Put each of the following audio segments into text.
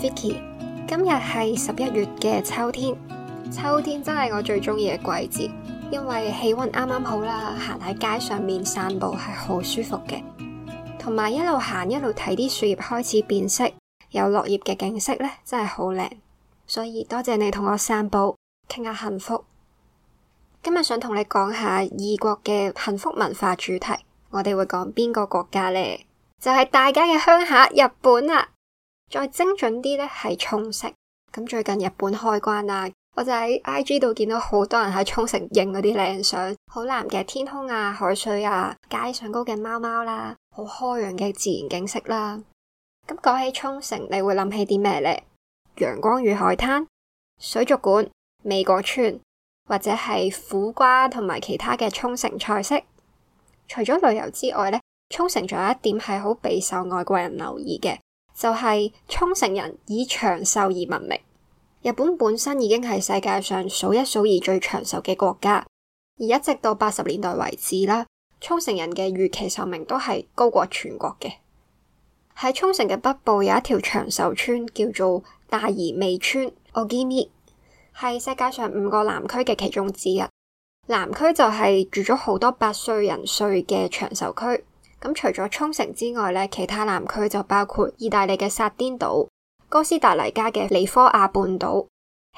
Vicky，今日係十一月嘅秋天，秋天真係我最中意嘅季節，因為氣溫啱啱好啦，行喺街上面散步係好舒服嘅，同埋一路行一路睇啲樹葉開始變色，有落葉嘅景色咧真係好靚，所以多謝你同我散步，傾下幸福。今日想同你講下異國嘅幸福文化主題，我哋會講邊個國家呢？就係大家嘅鄉下日本啦。再精準啲呢，係沖繩。咁最近日本開關啦，我就喺 I G 度見到好多人喺沖繩影嗰啲靚相，好藍嘅天空啊，海水啊，街上高嘅貓貓啦，好開揚嘅自然景色啦。咁講起沖繩，你會諗起啲咩呢？陽光與海灘、水族館、美國村，或者係苦瓜同埋其他嘅沖繩菜式。除咗旅遊之外呢，沖繩仲有一點係好備受外國人留意嘅。就係、是、沖繩人以長壽而聞名。日本本身已經係世界上數一數二最長壽嘅國家，而一直到八十年代為止啦，沖繩人嘅預期壽命都係高過全國嘅。喺沖繩嘅北部有一條長壽村叫做大宜味村，Ogimi，係世界上五個南區嘅其中之一。南區就係住咗好多百歲人瑞嘅長壽區。咁除咗沖繩之外呢，其他南區就包括意大利嘅撒丁島、哥斯達黎加嘅尼科亞半島、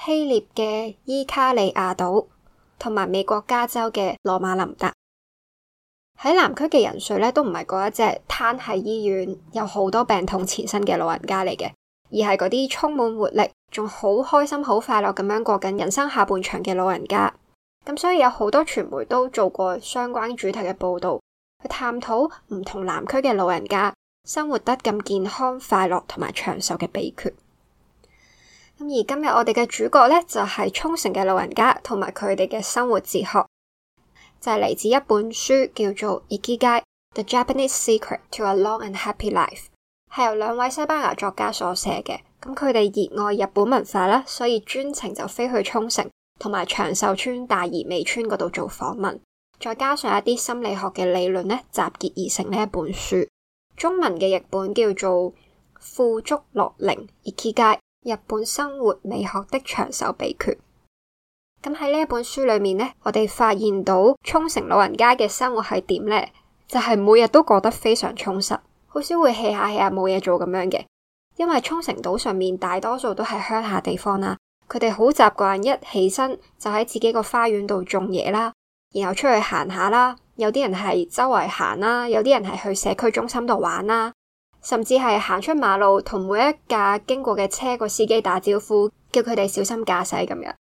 希臘嘅伊卡利亞島，同埋美國加州嘅羅馬林達。喺南區嘅人數呢都唔係嗰一隻癱喺醫院、有好多病痛纏身嘅老人家嚟嘅，而係嗰啲充滿活力、仲好開心、好快樂咁樣過緊人生下半場嘅老人家。咁所以有好多傳媒都做過相關主題嘅報道。去探討唔同南區嘅老人家生活得咁健康、快樂同埋長壽嘅秘訣。咁而今日我哋嘅主角呢，就係沖繩嘅老人家同埋佢哋嘅生活哲學，就係、是、嚟自一本書，叫做《Ikigai：The Japanese Secret to a Long and Happy Life》，係由兩位西班牙作家所寫嘅。咁佢哋熱愛日本文化啦，所以專程就飛去沖繩同埋長壽村大宜味村嗰度做訪問。再加上一啲心理學嘅理論呢，集結而成呢一本書。中文嘅譯本叫做《富足樂齡》，而《Ikigai，日本生活美學的長壽秘訣。咁喺呢本書裏面呢，我哋發現到沖繩老人家嘅生活係點呢？就係每日都過得非常充實，好少會氣下氣下冇嘢做咁樣嘅。因為沖繩島上面大多數都係鄉下地方啦，佢哋好習慣一起身就喺自己個花園度種嘢啦。然後出去行下啦，有啲人係周圍行啦，有啲人係去社區中心度玩啦，甚至係行出馬路，同每一架經過嘅車個司機打招呼，叫佢哋小心駕駛咁樣。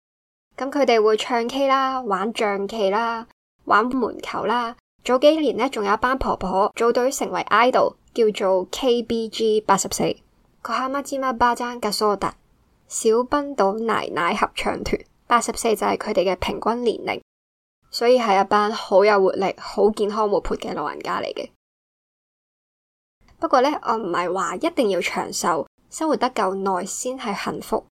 咁佢哋會唱 K 啦，玩象棋啦，玩門球啦。早幾年呢，仲有一班婆婆組隊成為 idol，叫做 K B G 八十四，佢喊乜芝麻巴張吉蘇達小檳島奶奶合唱團。八十四就係佢哋嘅平均年齡。所以係一班好有活力、好健康、活潑嘅老人家嚟嘅。不過呢，我唔係話一定要長壽、生活得夠耐先係幸福。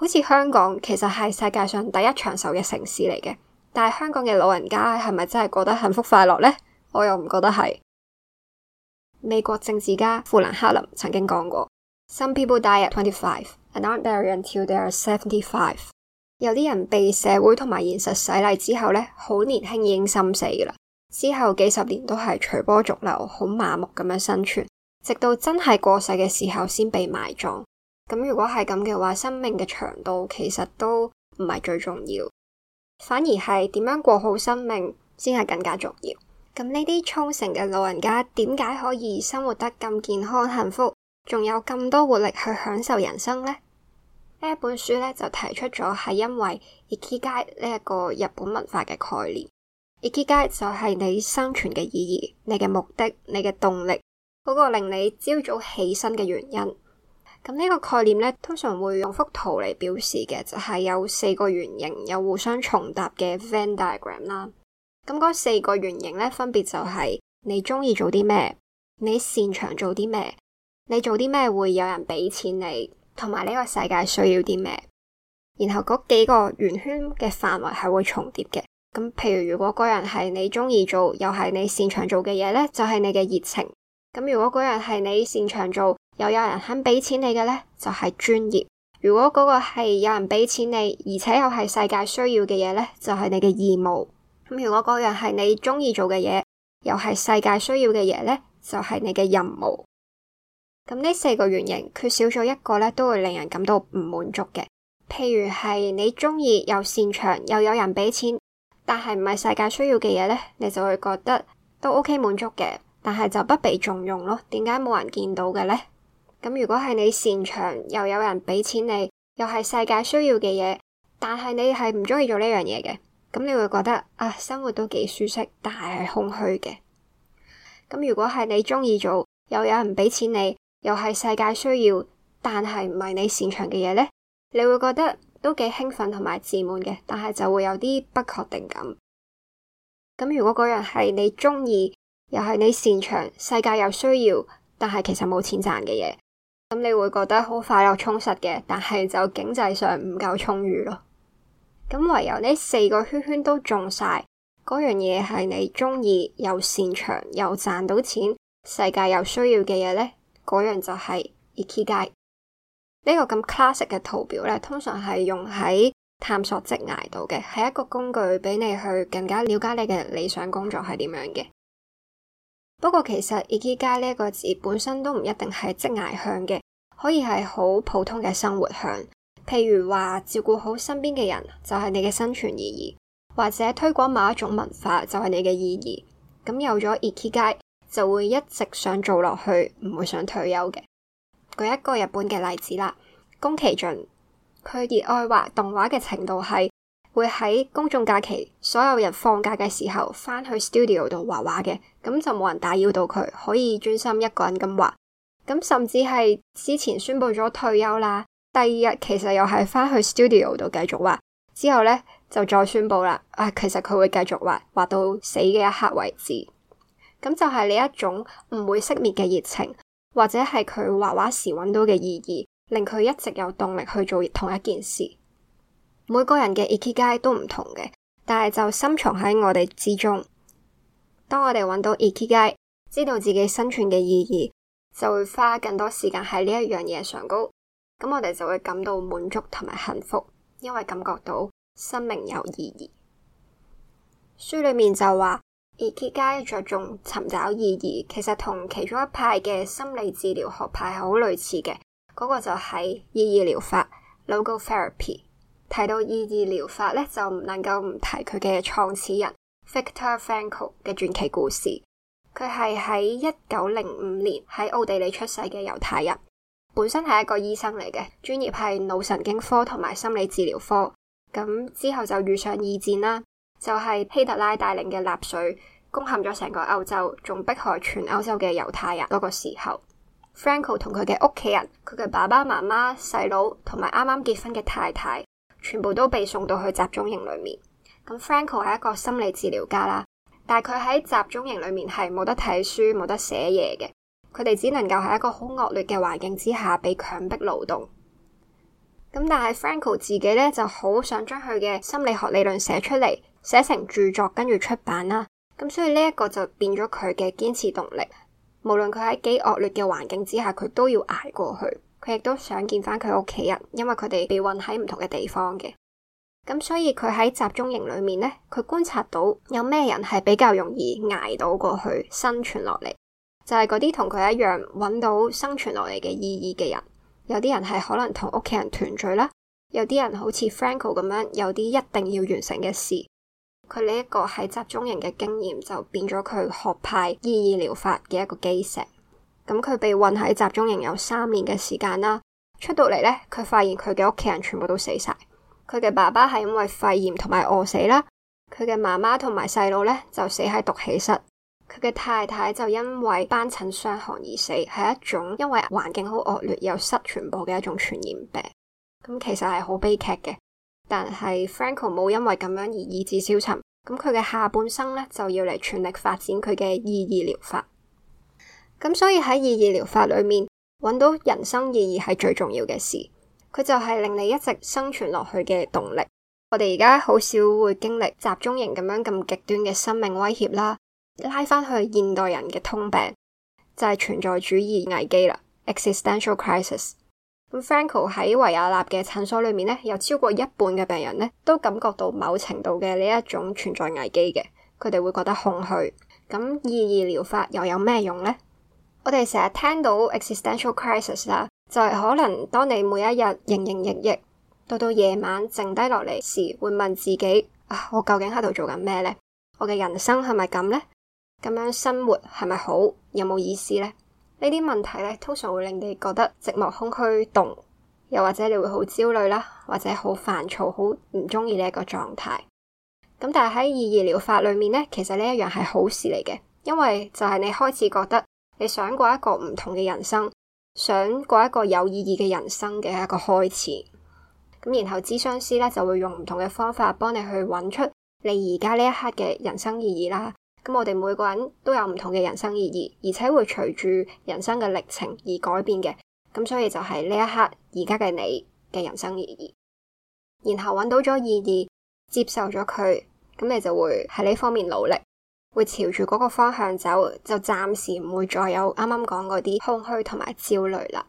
好似香港其實係世界上第一長壽嘅城市嚟嘅，但係香港嘅老人家係咪真係過得幸福快樂呢？我又唔覺得係。美國政治家富蘭克林曾經講過：Some people die at twenty five and aren't buried until they are seventy five。有啲人被社會同埋現實洗禮之後呢，好年輕已經心死噶啦。之後幾十年都係隨波逐流，好麻木咁樣生存，直到真係過世嘅時候先被埋葬。咁如果係咁嘅話，生命嘅長度其實都唔係最重要，反而係點樣過好生命先係更加重要。咁呢啲沖繩嘅老人家點解可以生活得咁健康、幸福，仲有咁多活力去享受人生呢？呢一本書咧就提出咗，係因為 ikigai 呢一、這個日本文化嘅概念。ikigai 就係你生存嘅意義、你嘅目的、你嘅動力、嗰、那個令你朝早起身嘅原因。咁呢個概念咧通常會用幅圖嚟表示嘅，就係、是、有四個圓形，有互相重疊嘅 Venn diagram 啦。咁嗰四個圓形咧分別就係你中意做啲咩，你擅長做啲咩，你做啲咩會有人俾錢你，同埋呢個世界需要啲咩？然後嗰幾個圓圈嘅範圍係會重疊嘅。咁譬如如果嗰樣係你中意做又係你擅長做嘅嘢咧，就係你嘅熱情。咁如果嗰樣係你擅長做又有人肯畀錢你嘅咧，就係專業。如果嗰個係有人畀錢你而且又係世界需要嘅嘢咧，就係你嘅義務。咁如果嗰樣係你中意做嘅嘢又係世界需要嘅嘢咧，就係你嘅任務。咁呢四個圓形缺少咗一個咧，都會令人感到唔滿足嘅。譬如係你中意又擅長又有人俾錢，但係唔係世界需要嘅嘢咧，你就會覺得都 OK 滿足嘅，但係就不被重用咯。點解冇人見到嘅咧？咁如果係你擅長又有人俾錢你，又係世界需要嘅嘢，但係你係唔中意做呢樣嘢嘅，咁你會覺得啊，生活都幾舒適，但係係空虛嘅。咁如果係你中意做又有人俾錢你，又係世界需要，但係唔係你擅長嘅嘢呢？你會覺得都幾興奮同埋自滿嘅，但係就會有啲不確定感。咁如果嗰樣係你中意，又係你擅長，世界又需要，但係其實冇錢賺嘅嘢，咁你會覺得好快樂充實嘅，但係就經濟上唔夠充裕咯。咁唯有呢四個圈圈都中晒，嗰樣嘢係你中意又擅長又賺到錢，世界又需要嘅嘢呢，嗰樣就係 e k 街。呢、這個咁 classic 嘅圖表咧，通常係用喺探索職涯度嘅，係一個工具俾你去更加了解你嘅理想工作係點樣嘅。不過其實 e k 街呢一個字本身都唔一定係職涯向嘅，可以係好普通嘅生活向，譬如話照顧好身邊嘅人就係、是、你嘅生存意義，或者推廣某一種文化就係、是、你嘅意義。咁有咗 e k 街，就會一直想做落去，唔會想退休嘅。舉一個日本嘅例子啦，宮崎駿佢熱愛畫動畫嘅程度係會喺公眾假期，所有人放假嘅時候返去 studio 度畫畫嘅，咁就冇人打擾到佢，可以專心一個人咁畫。咁甚至係之前宣布咗退休啦，第二日其實又係返去 studio 度繼續畫。之後呢，就再宣布啦，啊，其實佢會繼續畫，畫到死嘅一刻為止。咁就係呢一種唔會熄滅嘅熱情，或者係佢畫畫時揾到嘅意義，令佢一直有動力去做同一件事。每個人嘅 ikigai 都唔同嘅，但係就深藏喺我哋之中。當我哋揾到 ikigai，知道自己生存嘅意義，就會花更多時間喺呢一樣嘢上高。咁我哋就會感到滿足同埋幸福，因為感覺到生命有意義。書裏面就話。Ikigai 着重尋找意義，其實同其中一派嘅心理治療學派係好類似嘅。嗰、那個就係意義療法 （logotherapy）。提到意義療法咧，就唔能夠唔提佢嘅創始人 Viktor Frankl 嘅傳奇故事。佢係喺一九零五年喺奧地利出世嘅猶太人，本身係一個醫生嚟嘅，專業係腦神經科同埋心理治療科。咁之後就遇上二戰啦。就係希特拉帶領嘅納粹攻陷咗成個歐洲，仲迫害全歐洲嘅猶太人嗰個時候，Frankl 同佢嘅屋企人，佢嘅爸爸媽媽、細佬同埋啱啱結婚嘅太太，全部都被送到去集中營裏面。咁 Frankl 係一個心理治療家啦，但係佢喺集中營裏面係冇得睇書、冇得寫嘢嘅，佢哋只能夠喺一個好惡劣嘅環境之下，被強迫勞動。咁但係 Frankl 自己咧就好想將佢嘅心理學理論寫出嚟，寫成著作，跟住出版啦。咁所以呢一個就變咗佢嘅堅持動力。無論佢喺幾惡劣嘅環境之下，佢都要挨過去。佢亦都想見翻佢屋企人，因為佢哋被困喺唔同嘅地方嘅。咁所以佢喺集中營裏面呢，佢觀察到有咩人係比較容易挨到過去生存落嚟，就係嗰啲同佢一樣揾到生存落嚟嘅意義嘅人。有啲人係可能同屋企人團聚啦，有啲人好似 Frankl 咁樣，有啲一定要完成嘅事。佢呢一個係集中營嘅經驗，就變咗佢學派意義療法嘅一個基石。咁佢被困喺集中營有三年嘅時間啦，出到嚟，呢，佢發現佢嘅屋企人全部都死晒。佢嘅爸爸係因為肺炎同埋餓死啦。佢嘅媽媽同埋細佬呢，就死喺毒氣室。佢嘅太太就因為斑疹傷寒而死，係一種因為環境好惡劣又失傳播嘅一種傳染病。咁其實係好悲劇嘅。但係 Frankl 冇因為咁樣而意志消沉，咁佢嘅下半生咧就要嚟全力發展佢嘅意義療法。咁所以喺意義療法裏面，揾到人生意義係最重要嘅事，佢就係令你一直生存落去嘅動力。我哋而家好少會經歷集中營咁樣咁極端嘅生命威脅啦，拉翻去現代人嘅通病就係、是、存在主義危機啦，existential crisis。咁 Frankl 喺維也納嘅診所裏面咧，有超過一半嘅病人咧，都感覺到某程度嘅呢一種存在危機嘅，佢哋會覺得空虛。咁意義療法又有咩用咧？我哋成日聽到 existential crisis 啦，就係可能當你每一日營營役役，到到夜晚靜低落嚟時，會問自己：啊，我究竟喺度做緊咩咧？我嘅人生係咪咁咧？咁樣生活係咪好？有冇意思咧？呢啲問題咧，通常會令你覺得寂寞、空虛、凍，又或者你會好焦慮啦，或者好煩躁、好唔鍾意呢一個狀態。咁但係喺意義療法裏面咧，其實呢一樣係好事嚟嘅，因為就係你開始覺得你想過一個唔同嘅人生，想過一個有意義嘅人生嘅一個開始。咁然後諮商師咧就會用唔同嘅方法幫你去揾出你而家呢一刻嘅人生意義啦。咁我哋每個人都有唔同嘅人生意義，而且會隨住人生嘅歷程而改變嘅。咁所以就係呢一刻而家嘅你嘅人生意義，然後揾到咗意義，接受咗佢，咁你就會喺呢方面努力，會朝住嗰個方向走，就暫時唔會再有啱啱講嗰啲空虛同埋焦慮啦。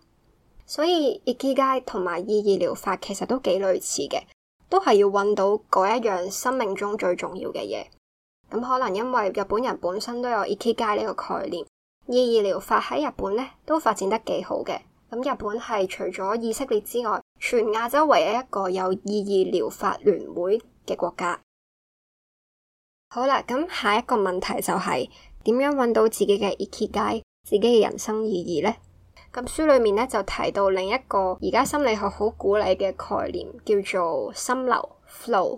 所以 Ikigai 同埋意義療法其實都幾類似嘅，都係要揾到嗰一樣生命中最重要嘅嘢。咁可能因為日本人本身都有 ikigai 呢個概念，意義療法喺日本咧都發展得幾好嘅。咁日本係除咗以色列之外，全亞洲唯一一個有意義療法聯會嘅國家。好啦，咁下一個問題就係點樣揾到自己嘅 ikigai 自己嘅人生意義咧？咁書裏面咧就提到另一個而家心理學好鼓勵嘅概念，叫做心流 flow。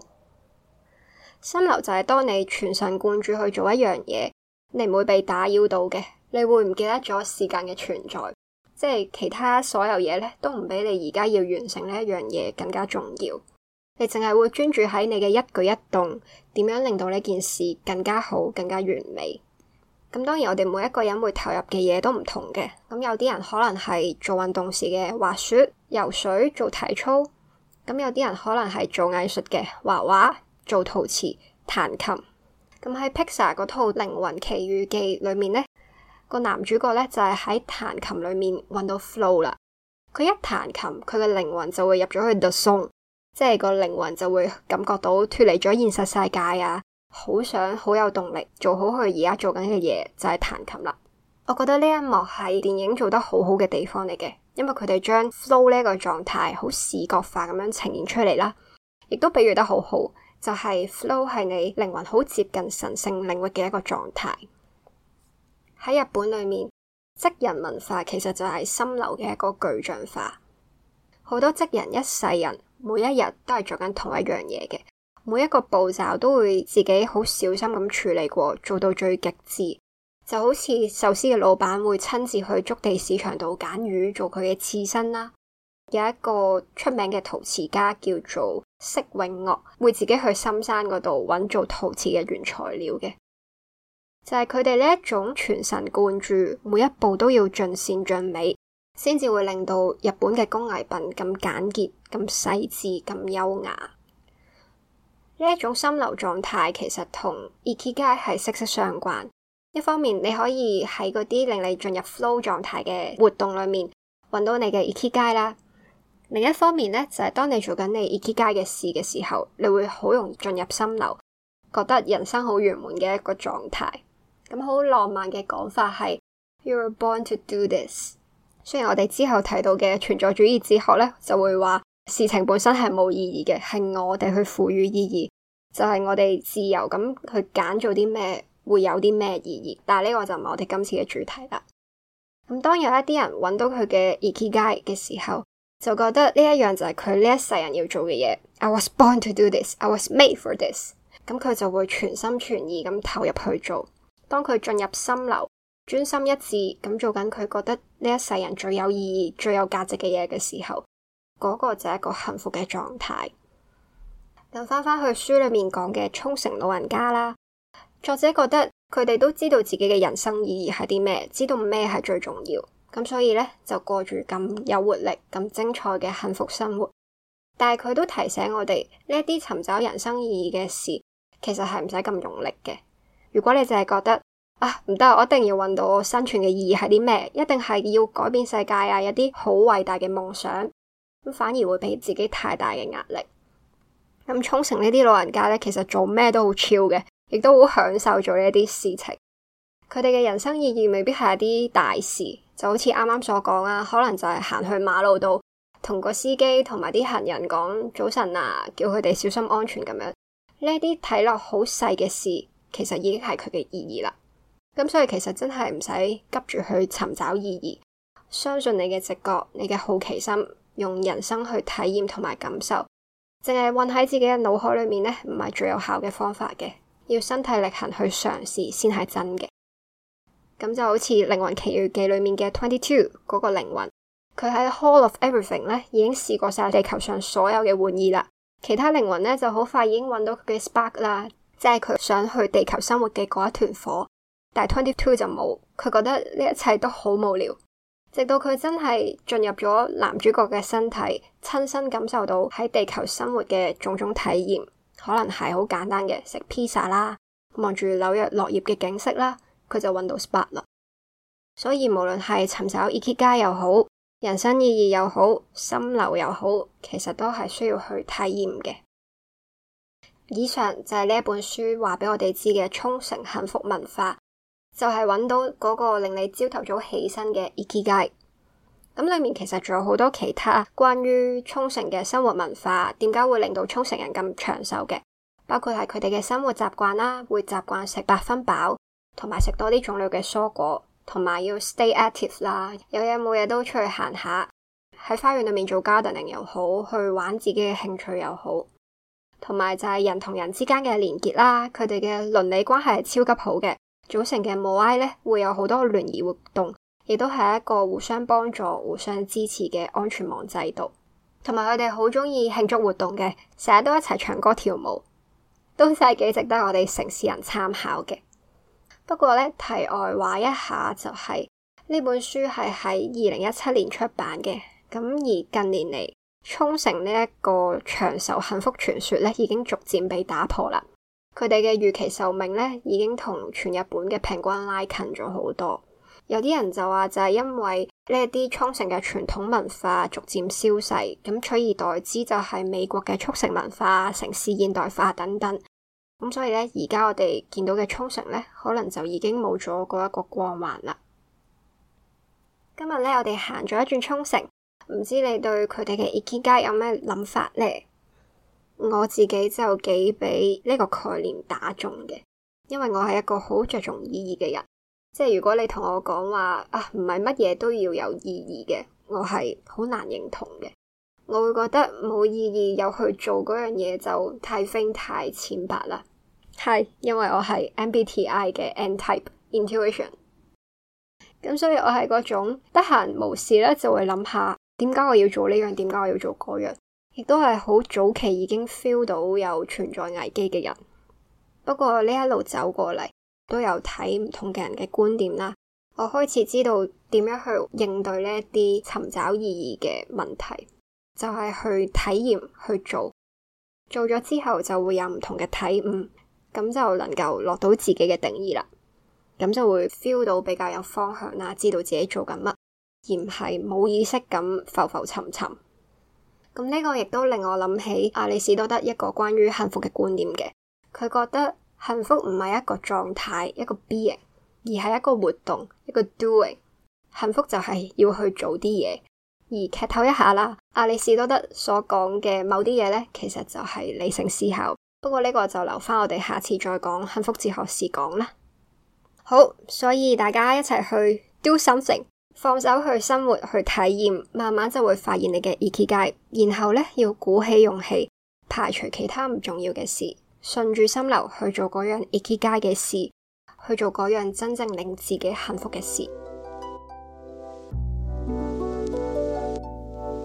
心流就係當你全神貫注去做一樣嘢，你唔會被打擾到嘅，你會唔記得咗時間嘅存在，即係其他所有嘢咧都唔比你而家要完成呢一樣嘢更加重要。你淨係會專注喺你嘅一舉一動，點樣令到呢件事更加好、更加完美。咁當然，我哋每一個人會投入嘅嘢都唔同嘅。咁有啲人可能係做運動時嘅滑雪、游水、做體操，咁有啲人可能係做藝術嘅畫畫。滑滑做陶瓷彈琴，咁喺 Pixar 嗰套《靈魂奇遇記》裏面呢個男主角呢就係喺彈琴裏面搵到 flow 啦。佢一彈琴，佢嘅靈魂就會入咗去 the zone，即係個靈魂就會感覺到脱離咗現實世界啊，好想好有動力做好佢而家做緊嘅嘢，就係、是、彈琴啦。我覺得呢一幕係電影做得好好嘅地方嚟嘅，因為佢哋將 flow 呢個狀態好視覺化咁樣呈現出嚟啦，亦都比喻得好好。就係 flow 係你靈魂好接近神性領域嘅一個狀態。喺日本裏面，職人文化其實就係心流嘅一個具象化。好多職人一世人每一日都係做緊同一樣嘢嘅，每一個步驟都會自己好小心咁處理過，做到最極致。就好似壽司嘅老闆會親自去築地市場度揀魚做佢嘅刺身啦。有一個出名嘅陶瓷家叫做色永樂，會自己去深山嗰度揾做陶瓷嘅原材料嘅。就係佢哋呢一種全神貫注，每一步都要盡善盡美，先至會令到日本嘅工藝品咁簡潔、咁細致、咁優雅。呢一種心流狀態，其實同 ikigai 係息息相關。一方面，你可以喺嗰啲令你進入 flow 狀態嘅活動裏面，揾到你嘅 ikigai 啦。另一方面咧，就係、是、當你做緊你 Ikigai 嘅事嘅時候，你會好容易進入心流，覺得人生好圓滿嘅一個狀態。咁好浪漫嘅講法係 You are born to do this。雖然我哋之後提到嘅存在主義哲學咧，就會話事情本身係冇意義嘅，係我哋去賦予意義，就係、是、我哋自由咁去揀做啲咩會有啲咩意義。但係呢個就唔係我哋今次嘅主題啦。咁當有一啲人搵到佢嘅 Ikigai 嘅時候。就覺得呢一樣就係佢呢一世人要做嘅嘢。I was born to do this. I was made for this。咁佢就會全心全意咁投入去做。當佢進入心流，專心一致咁做緊佢覺得呢一世人最有意義、最有價值嘅嘢嘅時候，嗰個就係一個幸福嘅狀態。等翻翻去書裏面講嘅沖繩老人家啦，作者覺得佢哋都知道自己嘅人生意義係啲咩，知道咩係最重要。咁所以咧，就過住咁有活力、咁精彩嘅幸福生活。但係佢都提醒我哋呢一啲尋找人生意義嘅事，其實係唔使咁用力嘅。如果你淨係覺得啊唔得，我一定要揾到我生存嘅意義係啲咩，一定係要改變世界啊，有啲好偉大嘅夢想，咁反而會俾自己太大嘅壓力。咁沖繩呢啲老人家咧，其實做咩都好 chill 嘅，亦都好享受做呢一啲事情。佢哋嘅人生意義未必係一啲大事。就好似啱啱所講啊，可能就係行去馬路度，同個司機同埋啲行人講早晨啊，叫佢哋小心安全咁樣。呢啲睇落好細嘅事，其實已經係佢嘅意義啦。咁所以其實真係唔使急住去尋找意義，相信你嘅直覺，你嘅好奇心，用人生去體驗同埋感受，淨係困喺自己嘅腦海裏面呢，唔係最有效嘅方法嘅。要身體力行去嘗試，先係真嘅。咁就好似《靈魂奇遇記》裏面嘅 Twenty Two 嗰個靈魂，佢喺 Hall of Everything 咧已經試過晒地球上所有嘅玩意啦。其他靈魂咧就好快已經揾到佢嘅 spark 啦，即係佢想去地球生活嘅嗰一團火。但係 Twenty Two 就冇，佢覺得呢一切都好無聊。直到佢真係進入咗男主角嘅身體，親身感受到喺地球生活嘅種種體驗，可能係好簡單嘅食披薩啦，望住紐約落葉嘅景色啦。佢就揾到 SPA 啦，所以無論係尋找 ikigai 又好，人生意義又好，心流又好，其實都係需要去體驗嘅。以上就係呢一本書話畀我哋知嘅沖繩幸福文化，就係揾到嗰個令你朝頭早起身嘅 ikigai。咁裏面其實仲有好多其他關於沖繩嘅生活文化，點解會令到沖繩人咁長壽嘅，包括係佢哋嘅生活習慣啦，會習慣食八分飽。同埋食多啲種類嘅蔬果，同埋要 stay active 啦。有嘢冇嘢都出去行下，喺花園裏面做 gardening 又好，去玩自己嘅興趣又好。同埋就係人同人之間嘅連結啦，佢哋嘅鄰里關係係超級好嘅。組成嘅 moai 呢，會有好多聯誼活動，亦都係一個互相幫助、互相支持嘅安全網制度。同埋佢哋好鍾意慶祝活動嘅，成日都一齊唱歌跳舞，都真係幾值得我哋城市人參考嘅。不過咧，題外話一下就係呢本書係喺二零一七年出版嘅。咁而近年嚟，沖繩呢一個長壽幸福傳說咧，已經逐漸被打破啦。佢哋嘅預期壽命咧，已經同全日本嘅平均拉近咗好多。有啲人就話就係因為呢一啲沖繩嘅傳統文化逐漸消逝，咁取而代之就係美國嘅速成文化、城市現代化等等。咁所以呢，而家我哋見到嘅沖繩呢，可能就已經冇咗嗰一個光環啦。今日呢，我哋行咗一轉沖繩，唔知你對佢哋嘅 ikigai 有咩諗法呢？我自己就幾俾呢個概念打中嘅，因為我係一個好着重意義嘅人，即係如果你同我講話啊，唔係乜嘢都要有意義嘅，我係好難認同嘅。我會覺得冇意義，又去做嗰樣嘢就太 i 飛太淺白啦。係因為我係 M B T I 嘅 N type intuition，咁所以我係嗰種得閒冇事咧就會諗下點解我要做呢樣，點解我要做嗰樣？亦都係好早期已經 feel 到有存在危機嘅人。不過呢一路走過嚟，都有睇唔同嘅人嘅觀點啦。我開始知道點樣去應對呢一啲尋找意義嘅問題。就係去體驗去做，做咗之後就會有唔同嘅體悟，咁就能夠落到自己嘅定義啦。咁就會 feel 到比較有方向啦，知道自己做緊乜，而唔係冇意識咁浮浮沉沉。咁呢個亦都令我諗起阿里士多德一個關於幸福嘅觀念嘅，佢覺得幸福唔係一個狀態一個 being，而係一個活動一個 doing。幸福就係要去做啲嘢。而劇透一下啦，阿里士多德所講嘅某啲嘢呢，其實就係理性思考。不過呢個就留翻我哋下次再講《幸福哲學史》講啦。好，所以大家一齊去 do something，放手去生活去體驗，慢慢就會發現你嘅 ikigai。然後呢，要鼓起勇氣，排除其他唔重要嘅事，順住心流去做嗰樣 ikigai 嘅事，去做嗰樣真正令自己幸福嘅事。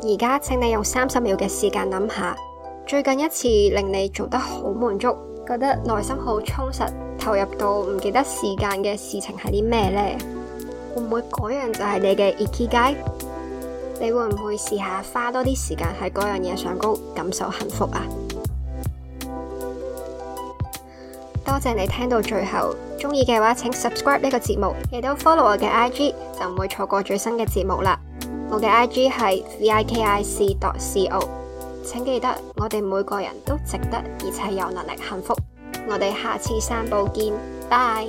而家，請你用三十秒嘅時間諗下，最近一次令你做得好滿足、覺得內心好充實、投入到唔記得時間嘅事情係啲咩呢？會唔會嗰樣就係你嘅 ikigai？你會唔會試下花多啲時間喺嗰樣嘢上高，感受幸福啊？多謝你聽到最後，中意嘅話請 subscribe 呢個節目，亦都 follow 我嘅 IG，就唔會錯過最新嘅節目啦。我嘅 I G 係 v i k i c dot c o，請記得我哋每個人都值得而且有能力幸福，我哋下次散步見，拜。